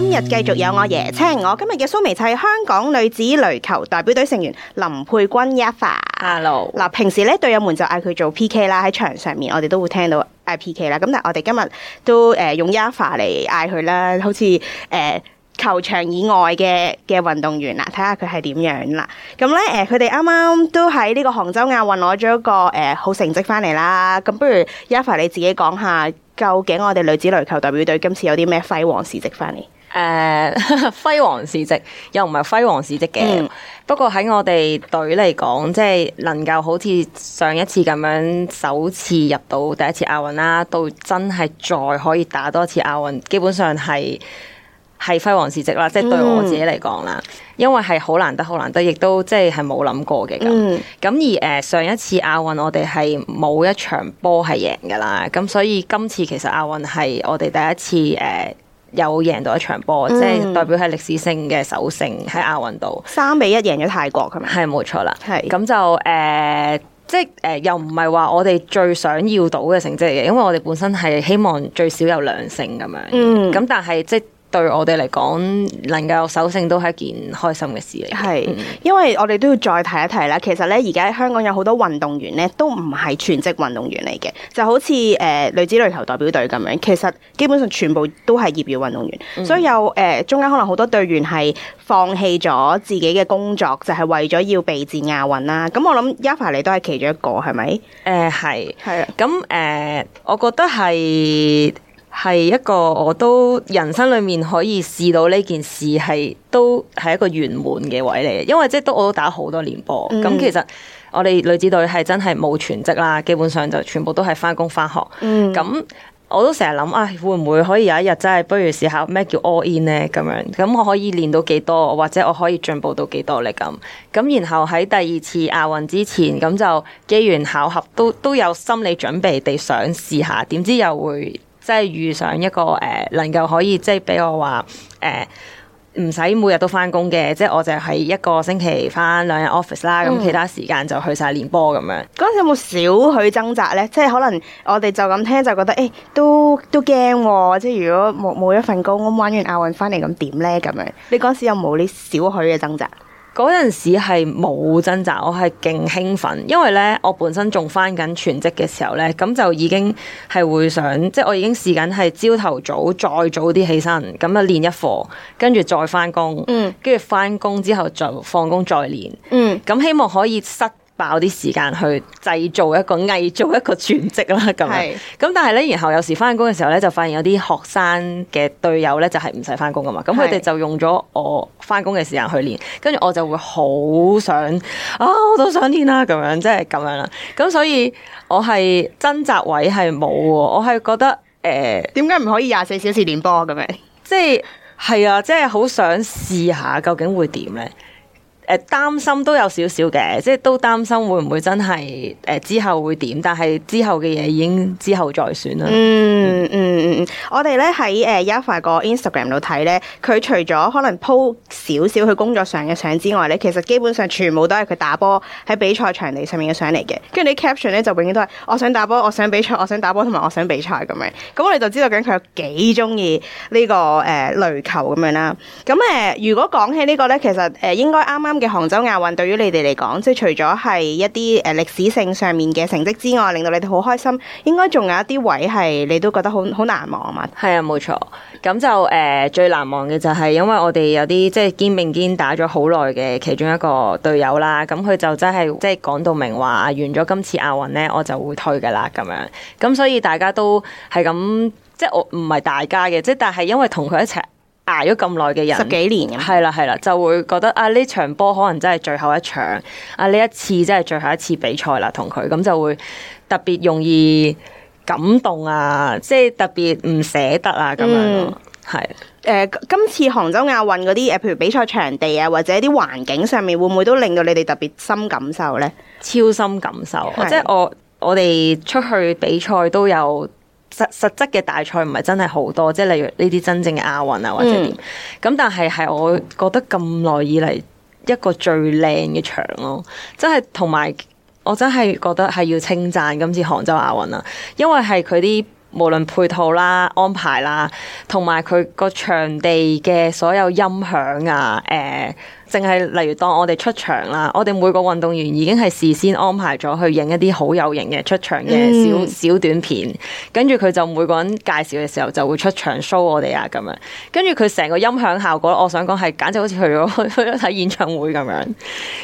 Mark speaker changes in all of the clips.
Speaker 1: 今日繼續有我椰青，我今日嘅蘇眉係香港女子壘球代表隊成員林佩君 Yaffa。Hello，嗱平時咧隊友們就嗌佢做 PK 啦，喺場上面我哋都會聽到嗌 PK 啦。咁但係我哋今日都誒、呃、用 Yaffa 嚟嗌佢啦，好似誒、呃、球場以外嘅嘅運動員啦，睇下佢係點樣啦。咁咧誒，佢哋啱啱都喺呢個杭州亞運攞咗一個誒、呃、好成績翻嚟啦。咁不如 Yaffa 你自己講下，究竟我哋女子壘球代表隊今次有啲咩輝煌事跡翻嚟？誒，
Speaker 2: 輝煌事蹟又唔係輝煌事蹟嘅，嗯、不過喺我哋隊嚟講，即係能夠好似上一次咁樣首次入到第一次亞運啦，到真係再可以打多一次亞運，基本上係係輝煌事蹟啦。嗯、即係對我自己嚟講啦，因為係好難得，好難得，亦都即係係冇諗過嘅咁。咁、嗯、而誒、呃，上一次亞運我哋係冇一場波係贏噶啦，咁所以今次其實亞運係我哋第一次誒。呃有贏到一場波，即係代表係歷史性嘅首勝喺亞運度。三比一贏咗泰國，係咪？係，冇錯啦。係咁是就誒、呃，即係誒、呃，又唔係話我哋最想要到嘅成績嚟嘅，因為我哋本身係希望最少有兩勝咁樣。咁、嗯、但係即對我哋嚟講，
Speaker 1: 能夠守勝都係一件開心嘅事嚟。係、嗯，因為我哋都要再提一提啦。其實咧，而家香港有好多運動員咧，都唔係全職運動員嚟嘅。就好似誒、呃、女子壘球代表隊咁樣，其實基本上全部都係業餘運動員。嗯、所以有誒、呃、中間可能好多隊員係放棄咗自己嘅工作，就係、是、為咗要備戰亞運啦。咁、啊、我諗 Yaffa 你都係其中一個，係咪？誒係
Speaker 2: 係啊。咁誒的、呃，我覺得係。係一個我都人生裏面可以試到呢件事，係都係一個圓滿嘅位嚟嘅。因為即係都我都打好多年波，咁、嗯、其實我哋女子隊係真係冇全職啦，基本上就全部都係返工返學。咁、嗯、我都成日諗啊，會唔會可以有一日真係不如試下咩叫 all in 呢？咁樣咁我可以練到幾多，或者我可以進步到幾多呢？咁咁然後喺第二次亞運之前，咁就機緣巧合都都有心理準備地想試下，點知又會。即係遇上一個誒、呃，能夠可以即係俾我話誒，唔使每日都翻工嘅，即係我、呃、我就係一個星期翻兩日 office 啦，咁、嗯、其他時間就去晒練波咁樣。嗰
Speaker 1: 陣時有冇少許掙扎呢？即係可能我哋就咁聽就覺得誒、欸，都都驚、喔，即係如果冇冇一份工，咁玩完亞運翻嚟，咁點呢？咁樣，你嗰時有冇啲少許嘅掙扎？嗰陣時係冇掙扎，我係
Speaker 2: 勁興奮，因為咧我本身仲返緊全職嘅時候咧，咁就已經係會想，即係我已經試緊係朝頭早再早啲起身，咁啊練一課，跟住再返工，嗯，跟住返工之後就放工再練，嗯，咁希望可以塞。爆啲時間去製造一個偽造一個全譜職啦，咁樣。咁是但係咧，然後有時翻工嘅時候咧，就發現有啲學生嘅隊友咧，就係唔使翻工噶嘛。咁佢哋就用咗我翻工嘅時間去練，跟住我就會好想啊，我都想練啦、啊，咁樣即係咁樣啦。咁所以我係掙扎位係冇喎，我係覺得誒，點解唔可以廿四小時練波咁樣？即係係啊，即係好想試下究竟會點咧。誒擔心都有少少嘅，即係都擔心會唔會真係誒、呃、之後會點？但係之後嘅嘢已經之後再算啦。嗯嗯
Speaker 1: 嗯，嗯嗯我哋咧喺 Yaffa 個 Instagram 度睇咧，佢除咗可能 po 少少佢工作上嘅相之外咧，其實基本上全部都係佢打波喺比賽場地上面嘅相嚟嘅。跟住啲 caption 咧就永遠都係：我想打波，我想比賽，我想打波同埋我想比賽咁樣。咁我哋就知道究竟佢有幾中意呢個誒壘、呃、球咁樣啦。咁誒、呃，如果講起個呢個咧，其實誒應該啱啱。嘅杭州亞運對於你哋嚟講，即係除咗係一啲誒歷史性上面嘅成績之外，令到你哋好開心。應該仲有一啲位係你都覺得好好難忘啊？嘛係啊，冇錯。咁就誒最難忘嘅就係因為
Speaker 2: 我哋有啲即係肩並肩打咗好耐嘅其中一個隊友啦。咁佢就真係即係講到明話，啊完咗今次亞運咧，我就會退噶啦咁樣。咁所以大家都係咁，即係我唔係大家嘅，即係但係因為同佢一齊。捱咗咁耐嘅人，十幾年，係啦係啦，就會覺得啊呢場波可能真係最後一場，啊呢一次真係最後一次比賽啦，同佢咁就會特別容易感動啊，
Speaker 1: 即係特別唔捨得啊咁樣咯，係。嗯，呃，今次杭州亞運嗰啲誒，譬如比賽場地啊，或者啲環境上面，會唔會都令到你哋特別深感受咧？超深感受，係。即係我我哋出去比賽都有。
Speaker 2: 實實質嘅大賽唔係真係好多，即係例如呢啲真正嘅亞運啊或者點，咁、嗯、但係係我覺得咁耐以嚟一個最靚嘅場咯，真係同埋我真係覺得係要稱讚今次杭州亞運啊，因為係佢啲無論配套啦、安排啦，同埋佢個場地嘅所有音響啊，誒、呃。淨係例如當我哋出場啦，我哋每個運動員已經係事先安排咗去影一啲好有型嘅出場嘅小小短片，跟住佢就每個人介紹嘅時候就會出場 show 我哋啊咁樣，跟住佢成個音響效果，我想講係簡直好似去咗去咗睇演唱會咁樣，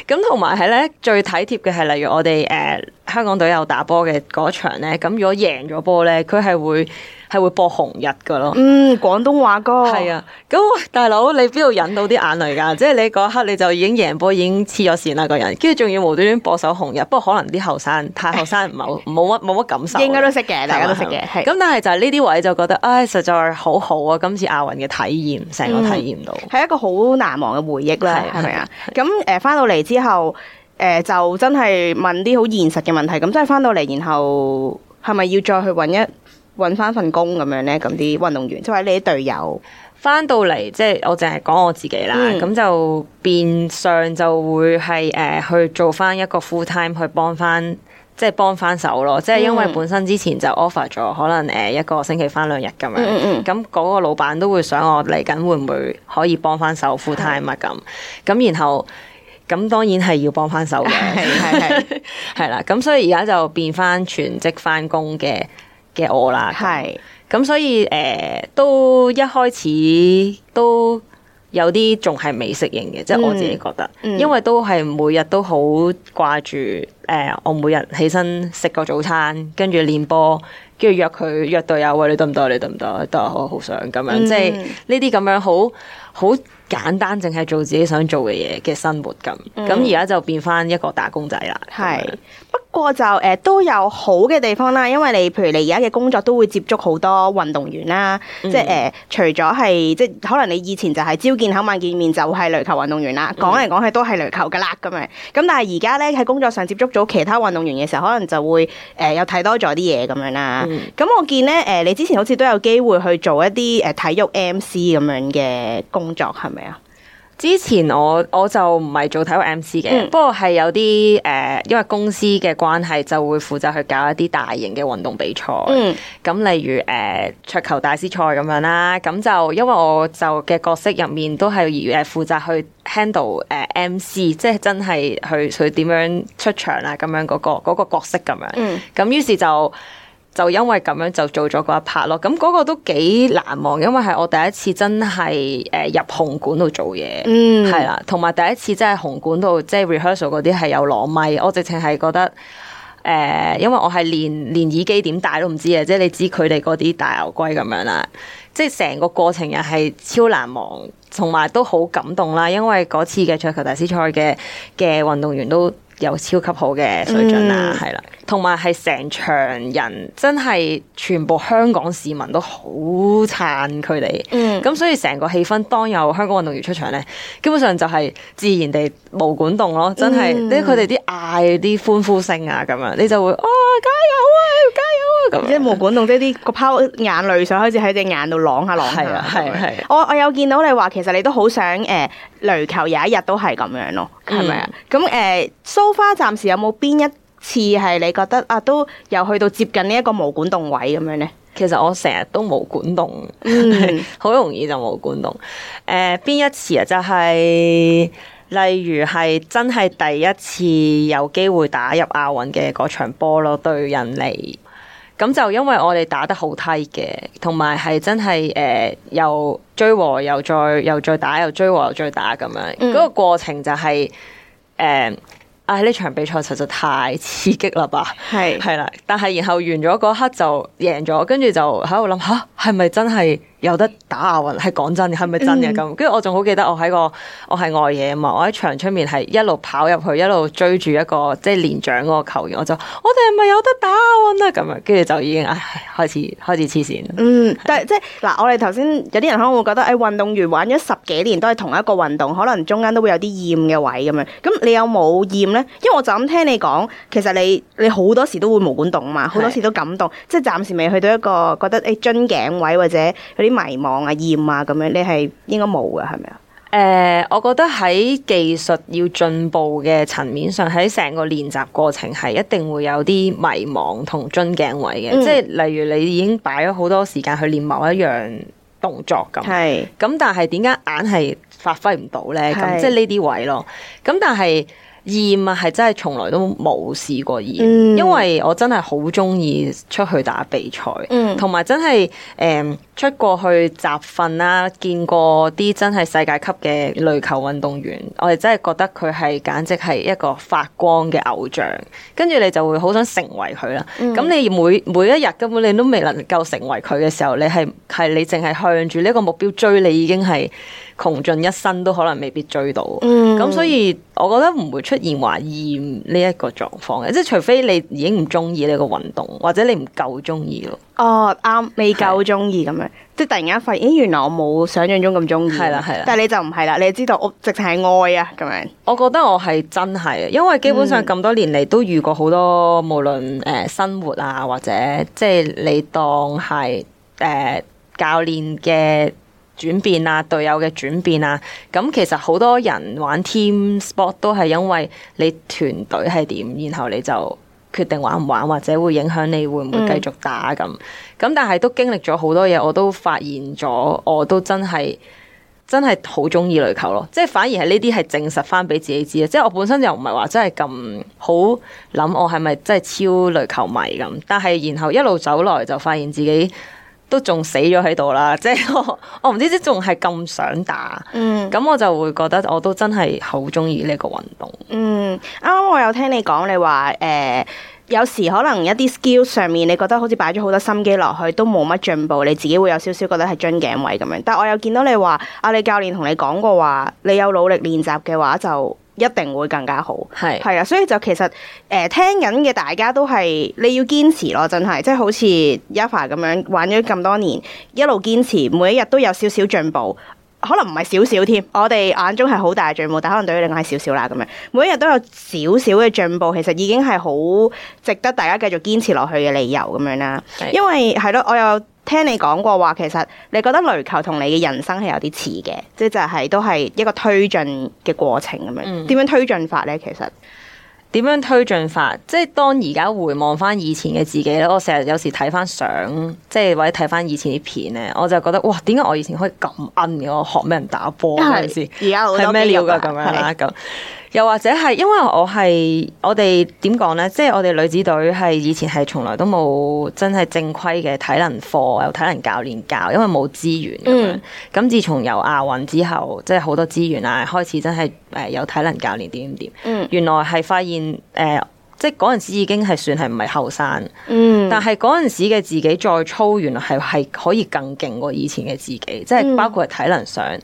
Speaker 2: 咁同埋係咧最體貼嘅係例如我哋誒香港隊有打波嘅嗰場咧，咁如果贏咗波咧，佢係會。係會播紅日噶咯，嗯，
Speaker 1: 廣東話歌係啊。咁大佬，你邊
Speaker 2: 度忍到啲眼淚噶？ 即係你嗰刻你就已經贏波，已經黐咗線啦，個人，跟住仲要無端端播首紅日。不過可能啲後生太後生，唔係冇乜冇乜感受。應該都識嘅，吧大家都識嘅。係咁，但係就係呢啲位就覺得，唉、哎，實在好好啊！今次亞運嘅體驗，成個體驗到，係、嗯、一
Speaker 1: 個好難忘嘅回憶啦，係咪啊？咁誒， 翻到嚟之後，誒，就真係問啲好現實嘅問題。咁真係翻到嚟，然後係咪要再去搵一？搵翻份工咁樣呢，咁啲運動員，即係你啲隊友翻到嚟，即係我淨係講
Speaker 2: 我自己啦。咁、嗯、就變相就會係誒、uh, 去做翻一個 full time 去幫翻，即係幫翻手咯。即係因為本身之前就 offer 咗，可能誒一個星期翻兩日咁樣。咁嗰、嗯、個老闆都會想我嚟緊會唔會可以幫翻手 full time 是啊？咁咁然後咁當然係要幫翻手嘅，係係係啦。咁、 嗯、所以而家就變翻全職翻工嘅。嘅我啦，係，咁所以誒都一開始都有啲仲係未適應嘅，即係我自己覺得，因為都係每日都好掛住誒，我每日起身食個早餐，跟住練波，跟住約佢約隊友，喂你得唔得？你得唔得？得啊！好，好想咁樣，即係呢啲咁樣好好簡單，淨係做自己想做嘅嘢嘅生活咁。咁而家就變翻一個打工仔啦，
Speaker 1: 係。不過就誒都有好嘅地方啦，因為你譬如你而家嘅工作都會接觸好多運動員啦，嗯呃，即係誒除咗係即係可能你以前就係朝見口晚見面就係壘球運動員啦，講嚟講去都係壘球噶啦咁樣。咁但係而家咧喺工作上接觸咗其他運動員嘅時候，可能就會誒又睇多咗啲嘢，咁樣啦。咁，嗯，我見咧誒、呃，你之前好似都有機會去做一啲誒體育 MC 咁樣嘅工作，係咪啊？之前我我就唔係做體育 MC 嘅。嗯、不過係有啲誒、
Speaker 2: 呃，因為公司嘅關係就會負責去搞一啲大型嘅運動比賽，咁、嗯、例如誒桌、呃、球大師賽咁樣啦，咁就因為我就嘅角色入面都係誒負責去 handle 誒、呃、MC，即係真係去去點樣出場啦、啊那個，咁樣嗰個個角色咁樣，咁於、嗯、是就。就因為咁樣就做咗嗰一拍咯，咁、那、嗰個都幾難忘，因為係我第一次真係誒入紅館度做嘢，係啦、嗯，同埋第一次真係紅館度即係 rehearsal 嗰啲係有攞咪，我直情係覺得誒、呃，因為我係連連耳機點戴都唔知啊，即係你知佢哋嗰啲大牛龜咁樣啦，即係成個過程又係超難忘，同埋都好感動啦，因為嗰次嘅桌球大師賽嘅嘅運動員都有超級好嘅水準啊，係啦，同埋係成場人真係全部香港市民都好撐佢哋，咁所以成個氣氛當有香港運動員出場咧，基本上就係自然地無管動咯，真係咧，佢哋啲嗌啲
Speaker 1: 歡呼聲啊咁樣，你就會哦，
Speaker 2: 加油啊，加油
Speaker 1: 啊，即係毛管戙即係啲個泡眼淚想開始喺隻眼度啷下落去。啊係，係。我我有見到你話其實你都好想誒，壘球有一日都係咁樣咯，係咪啊？咁誒高花暫時有冇邊一次係你覺得啊都又去到接近呢一個毛管戙位咁樣呢？其實我成日都毛管戙，好、嗯、 容易就毛管戙。誒、呃，邊一
Speaker 2: 次啊、就是？就係例如係真係第一次有機會打入亞運嘅嗰場波咯，對印尼咁，就因為我哋打得好貼嘅，同埋係真係誒、呃、又追和，又再又再打，又追和又再打咁樣。嗰、那個過程就係、是、誒。呃唉，呢、哎、場比賽實在太刺激啦吧。係係啦，但係然後完咗嗰刻就贏咗，跟住就喺度諗，吓，係咪真係？有得打亞運，係講真嘅，係咪真嘅咁？跟住我仲好記得，我喺個我係外野啊嘛，我喺場出面係一路跑入去，一路追住一個即係連長嗰個球員，我就我哋係咪有得打亞運啊？咁樣跟住就已經開始開始黐線。嗯，
Speaker 1: 但係即係嗱，我哋頭先有啲人可能會覺得，誒運動員玩咗十幾年都係同一個運動，可能中間都會有啲厭嘅位咁樣。咁你有冇厭咧？因為我就咁聽你講，其實你你好多時都會毛管戙嘛，好多時都感動，即係暫時未去到一個覺得誒樽頸位或者啲。迷茫啊、厭啊咁樣，你係應該冇噶，係咪啊？
Speaker 2: 誒，我覺得喺技術要進步嘅層面上，喺成個練習過程係一定會有啲迷茫同樽頸位嘅，即係例如你已經擺咗好多時間去練某一樣動作咁，係咁但係點解硬係發揮唔到咧？咁即係呢啲位咯，咁但係。厭啊，係真係從來都冇試過厭，因為我真係好中意出去打比賽，同埋、嗯、真係誒、嗯、出過去集訓啦，見過啲真係世界級嘅壘球運動員，我哋真係覺得佢係簡直係一個發光嘅偶像，跟住你就會好想成為佢啦。咁、嗯、你每每一日根本你都未能夠成為佢嘅時候，你係係你淨係向住呢個目標追，你已經係。窮盡一生都可能未必追到，咁、嗯、所以我覺得唔會出現懷疑呢一個狀況嘅，即係除非你已經唔中意呢個運動，或者你唔夠中意
Speaker 1: 咯。哦，啱，未夠中意咁樣，即係突然間發現，咦，原來我冇想象中咁中意。係啦係啦，但係你就唔係啦，你知道我直情係愛啊咁樣。我覺得我係真係，因為基本上咁多年嚟
Speaker 2: 都遇過好多，嗯、無論誒生活啊，或者即係你當係誒、呃、教練嘅。轉變啊，隊友嘅轉變啊，咁其實好多人玩 team sport 都係因為你團隊係點，然後你就決定玩唔玩，或者會影響你會唔會繼續打咁。咁、嗯、但係都經歷咗好多嘢，我都發現咗，我都真係真係好中意壘球咯。即係反而係呢啲係證實翻俾自己知咧。即係我本身就唔係話真係咁好諗，我係咪真係超壘球迷咁？但係然後一路走來就發現自己。都仲死咗喺度啦，即係我唔知，即仲係咁想打，咁、嗯、我就會覺得我都真係好中意呢個運動。
Speaker 1: 嗯，啱啱我有聽你講，你話誒、呃，有時可能一啲 skill 上面，你覺得好似擺咗好多心機落去，都冇乜進步，你自己會有少少覺得係樽頸位咁樣。但我有見到你話，阿、啊、你教練同你講過話，你有努力練習嘅話就。一定會更加好，係係啊，所以就其實誒、呃、聽緊嘅大家都係你要堅持咯，真係即係好似 Yaffa 咁樣玩咗咁多年，一路堅持，每一日都有少少進步，可能唔係少少添，我哋眼中係好大進步，但可能對於你講係少少啦咁樣，每一日都有少少嘅進步，其實已經係好值得大家繼續堅持落去嘅理由咁樣啦，因為係咯是，我有。聽你講過話，其實你覺得壘球同你嘅人生係有啲似嘅，即係就係都係一個推進嘅過程咁樣。點樣，嗯，推進法咧？其實點樣推進
Speaker 2: 法？即係當而家回望翻以前嘅自己咧，我成日有時睇翻相，即係或者睇翻以前啲片咧，我就覺得哇，點解我以前可以咁奀嘅？我學咩人打波？係咪先？而家我諗咩料噶咁樣啦？咁是。 又或者係因為我係我哋點講咧？即係我哋女子隊係以前係從來都冇真係正規嘅體能課，有體能教練教，因為冇資源咁樣。咁、嗯、自從有亞運之後，即係好多資源啊，開始真係誒有體能教練點點、嗯、原來係發現誒，即係嗰陣時已經係算係唔係後生，嗯、但係嗰陣時嘅自己再操，原來係係可以更勁過以前嘅自己，即係包括係體能上。嗯嗯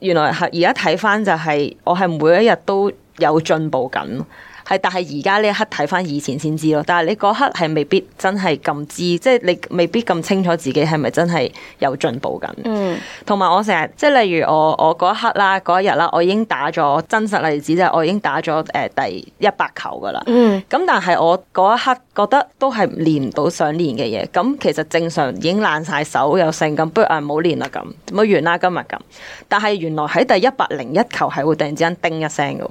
Speaker 2: 原來係而家睇返就係我係每一日都有進步緊。係，但係而家呢一刻睇翻以前先知咯。但係你嗰刻係未必真係咁知，即係你未必咁清楚自己係咪真係有進步緊。嗯，同埋我成日，即係例如我我嗰一刻啦，嗰一日啦，我已經打咗真實例子，即係我已經打咗誒第一百球噶啦。嗯，咁但係我嗰一刻覺得都係練唔到想練嘅嘢。咁其實正常已經爛晒手有剩，咁不如啊冇練啦咁，冇完啦今日咁。但係原來喺第一百零一球係會突然之間叮一聲嘅。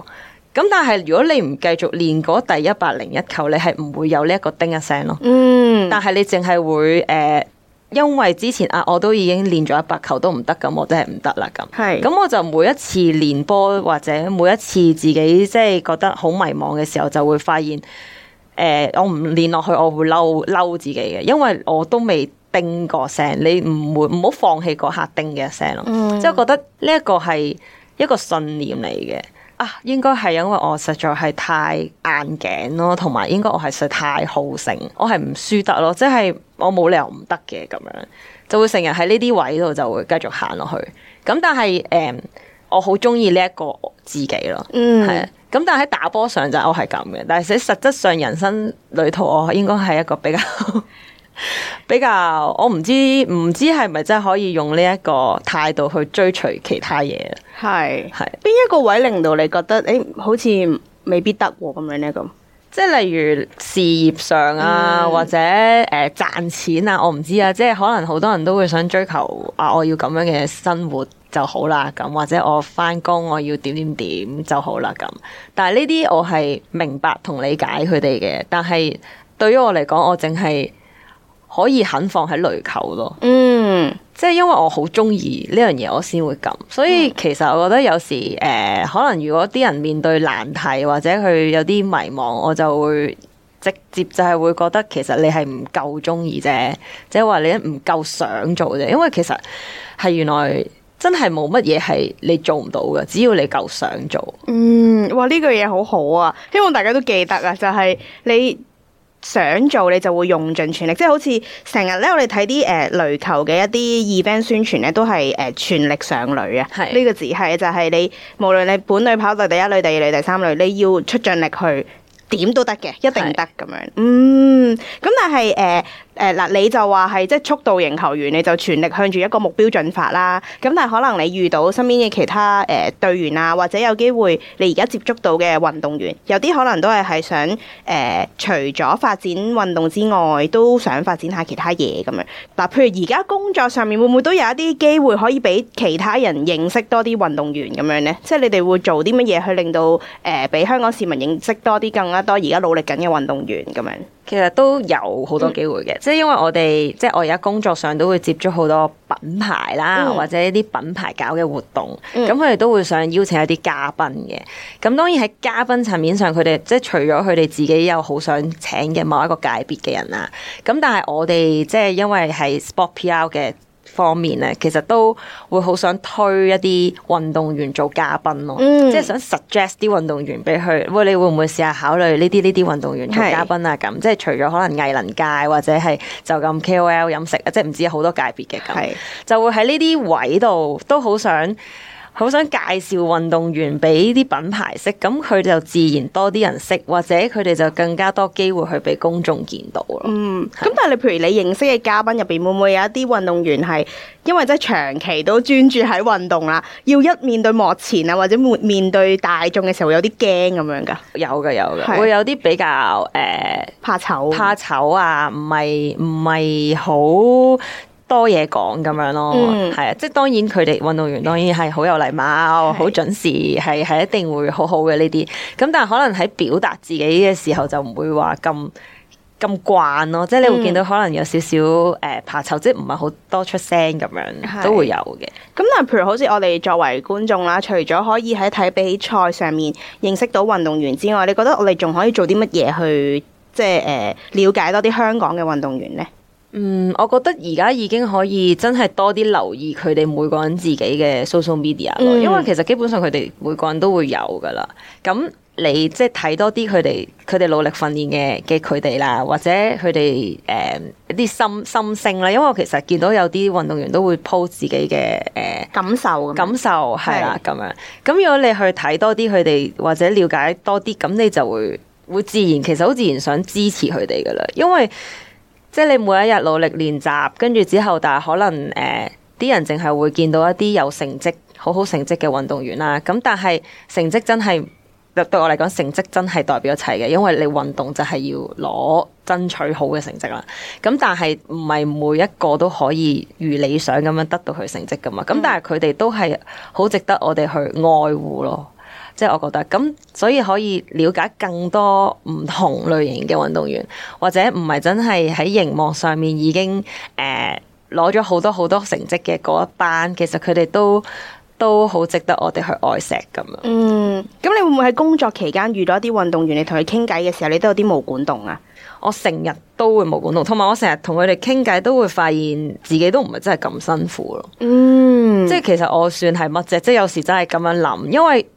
Speaker 2: 咁但係如果你唔繼續練嗰第一百零一球，你係唔會有呢一個叮一聲咯。嗯。但係你淨係會誒、呃，因為之前啊，我都已經練咗一百球都唔得咁，我真係唔得啦咁。係。咁是我就每一次練波或者每一次自己即係覺得好迷茫嘅時候，就會發現誒、呃，我唔練落去我會嬲嬲自己嘅，因為我都未叮過聲。你唔會唔好放棄嗰下叮嘅一聲咯。即係、嗯、覺得呢一個係一個信念嚟嘅。啊，應該係因為我實在係太硬頸咯，同埋應該我係實在太好勝，我係唔輸得咯，即係我冇理由唔得嘅咁樣，就會成日喺呢啲位度就會繼續行落去。咁但係誒、嗯，我好中意呢一個自己咯，嗯，係啊。咁但係喺打波上就我係咁嘅，但係喺實質上人生旅途我應該係一個比較。 比較我唔知，唔知係咪真係可以用呢一個態度去追隨其他嘢？係
Speaker 1: 係邊一個位令到你覺得誒、哎，好似未必得咁樣呢？咁
Speaker 2: 即係例如事業上啊，嗯、或者誒賺、呃、錢啊，我唔知啊，即係可能好多人都會想追求啊，我要咁樣嘅生活就好啦，咁或者我返工我要點點點就好啦咁。但係呢啲我係明白同理解佢哋嘅，但係對於我嚟講，我淨係。可以肯放喺壘球咯，嗯，即係因為我好中意呢樣嘢，我先會咁。所以其實我覺得有時誒、呃，可能如果啲人面對難題或者佢有啲迷茫，我就會直接就係會覺得其實你係唔夠中意啫，即係話你唔夠想做啫。因為其實係原來真係冇乜嘢係你做唔到嘅，只要你夠想做。
Speaker 1: 嗯，哇呢句嘢好好啊，希望大家都記得啊，就係、是、你。想做你就會用盡全力，即係好似成日咧，我哋睇啲誒壘球嘅一啲 event 宣傳咧，都係誒、呃、全力上壘啊！呢是個字係就係、是、你無論你本壘跑到第一壘、第二壘、第三壘，你要出盡力去點都得嘅，一定得咁樣。是嗯，咁但係誒。呃誒嗱，你就話係即係速度型球員，你就全力向住一個目標進發啦。咁但係可能你遇到身邊嘅其他誒、呃、隊員啊，或者有機會你而家接觸到嘅運動員，有啲可能都係係想誒、呃、除咗發展運動之外，都想發展下其他嘢咁樣。嗱，譬如而家工作上面會唔會都有一啲機會可以俾其他人認識多啲運動員咁樣咧？即係你哋會做啲乜嘢去令到誒俾、呃、香港市民認識多啲更加多而家努力緊嘅運動員咁樣？其實都有好多機會嘅，即係
Speaker 2: 因為我哋即係我而家工作上都會接觸好多品牌啦，嗯、或者一啲品牌搞嘅活動，咁佢哋都會想邀請一啲嘉賓嘅。咁當然喺嘉賓層面上，佢哋即係除咗佢哋自己有好想請嘅某一個界別嘅人啦。咁但係我哋即係因為係 Sport PR 嘅。方面咧，其實都會好想推一啲運動員做嘉賓咯，嗯、即係想 suggest 啲運動員俾佢。喂，你會唔會試下考慮呢啲呢啲運動員做嘉賓啊？咁是即係除咗可能藝能界或者係就咁 KOL 飲食，即係唔知好多界別嘅咁，是就會喺呢啲位度都好想。好想介紹運動員俾啲品牌識，咁佢就自然多啲人識，或者佢哋就更
Speaker 1: 加多機會去俾公眾見到咯。嗯，咁是但係你譬如你認識嘅嘉賓入邊，會唔會有一啲運動員係因為真係長期都專注喺運動啦，要一面對幕前啊，或者面面對大眾嘅時候有有，有啲驚咁樣㗎？有㗎有㗎，會有啲比較誒、呃、怕醜、怕醜啊，唔係唔係好。
Speaker 2: 多嘢講咁樣咯，係啊、嗯，即係當然佢哋運動員當然係好有禮貌，好係、哦、準時，係係一定會好好嘅呢啲。咁但係可能喺表達自己嘅時候就唔會話咁咁慣咯，即係你會見到可能有少少誒怕醜，嗯、即係
Speaker 1: 唔係好多出聲咁樣，都會有嘅。咁但係譬如好似我哋作為觀眾啦，除咗可以喺睇比賽上面認識到運動員之外，你覺得我哋仲可以做啲乜嘢去即係誒、呃、了解多啲香港嘅運動員咧？嗯，我覺得而
Speaker 2: 家已經可以真係多啲留意佢哋每個人自己嘅 social media 咯，嗯、因為其實基本上佢哋每個人都會有噶啦。咁你即係睇多啲佢哋，佢哋努力訓練嘅嘅佢哋啦，或者佢哋誒啲心心聲啦。因為我其實見到有啲運動員都會 po 自己嘅誒、呃、感，感受，感受係啦咁是樣。咁如果你去睇多啲佢哋，或者了解多啲，咁你就會會自然，其實好自然想支持佢哋噶啦，因為。即係你每一日努力練習，跟住之後，但係可能誒，啲、呃、人淨係會見到一啲有成績、好好成績嘅運動員啦。咁但係成績真係，對我嚟講，成績真係代表一切嘅，因為你運動就係要攞爭取好嘅成績啦。咁但係唔係每一個都可以如理想咁樣得到佢成績噶嘛？咁但係佢哋都係好值得我哋去愛護咯。即係我覺得咁，所以可以了解更多唔同類型嘅運動員，或者唔係真係喺熒幕上面已經誒攞咗好多好多成績嘅嗰一班，其實佢哋都都好值得我哋去
Speaker 1: 愛錫咁樣。嗯，咁你會唔會喺工作期間遇到一啲運動員？你同佢傾偈嘅時候，你都有啲毛管戙啊？我成日都會毛管戙，同埋我成日同佢哋傾偈，都會發現
Speaker 2: 自己都唔係真係咁辛苦咯。嗯，即係其實我算係乜啫？即係有時真係咁樣諗，因為。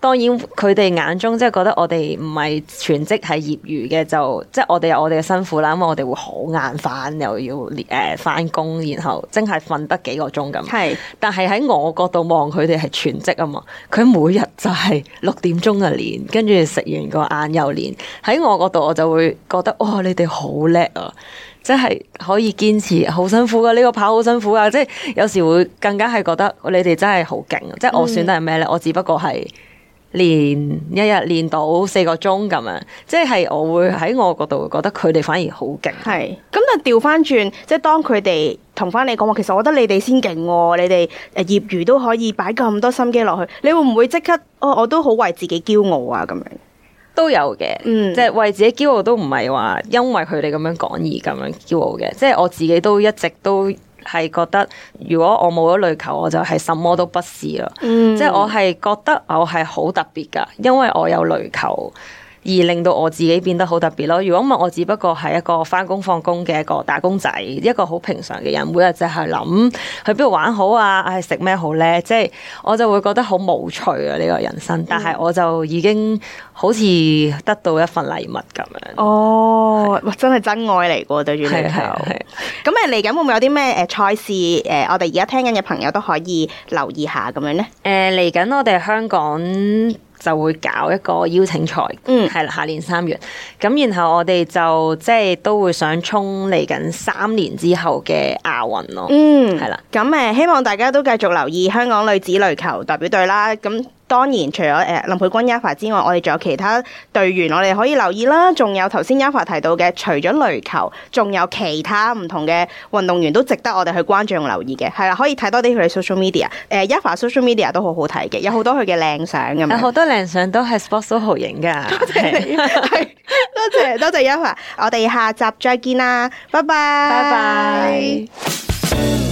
Speaker 2: 當然佢哋眼中即係覺得我哋唔係全職係業餘嘅，就即係我哋有我哋嘅辛苦啦。因為我哋會好眼瞓，又要誒翻工，然後真係瞓得幾個鐘咁。係是，但係喺我角度望佢哋係全職啊嘛。佢每日就係六點鐘啊練，跟住食完個晏又練。喺我角度我就會覺得哇、哦，你哋好叻啊！即係可以堅持，好辛苦噶呢、呢個跑好辛苦啊！即係有時會更加係覺得你哋真係好勁。即係、嗯、我算得係咩咧？我只不過係。練一日練到四個鐘咁樣，即係
Speaker 1: 我會喺我嗰度覺得佢哋反而好勁。係，咁但係調翻轉，即係當佢哋同翻你講話，其實我覺得你哋先勁喎，你哋誒業餘都可以擺咁多心機落去，你會唔會即刻哦？我都好為自己驕傲啊，咁樣
Speaker 2: 都有嘅，嗯，即係為自己驕傲都唔係話因為佢哋咁樣講而咁樣驕傲嘅，即係我自己都一直都。係覺得，如果我冇咗壘球，我就係什麼都不是啦。嗯、即係我係覺得我係好特別㗎，因為我有壘球。而令到我自己變得好特別咯。如果唔係，我只不過係一個翻工放工嘅一個打工仔，一個好平常嘅人，每日就係諗去邊度玩好啊，誒食咩好咧。即係我就會覺得好無趣啊呢個人生。但係我就已經好似得到一份禮物咁樣。
Speaker 1: 嗯、哦，是真係真愛嚟嘅喎，對住你係。係係。咁誒嚟緊會唔會有啲咩誒賽事？誒，我哋而家聽緊嘅朋友都可以留意下咁樣咧。誒嚟緊，我哋香港。就會搞一個邀請賽，係啦、嗯，下年三月。
Speaker 2: 咁然後我哋就即係都會想衝嚟緊三年之後嘅亞運咯。嗯，係
Speaker 1: 啦的。咁誒、嗯，希望大家都繼續留意香港女子壘球代表隊啦。咁。當然除，除咗誒林佩君 Yaffa 之外，我哋仲有其他隊員，我哋可以留意啦。仲有頭先 Yaffa 提到嘅，除咗壘球，仲有其他唔同嘅運動員都值得我哋去關注同留意嘅。係啦，可以睇多啲佢哋 social media。誒、呃、Yaffa social media 都好好睇嘅，有好多佢嘅靚相咁樣。有好、 啊、多靚相都係 Sportsoho 影噶。多謝你， 多謝多謝 Yaffa，我哋下集再見啦，拜拜，拜拜。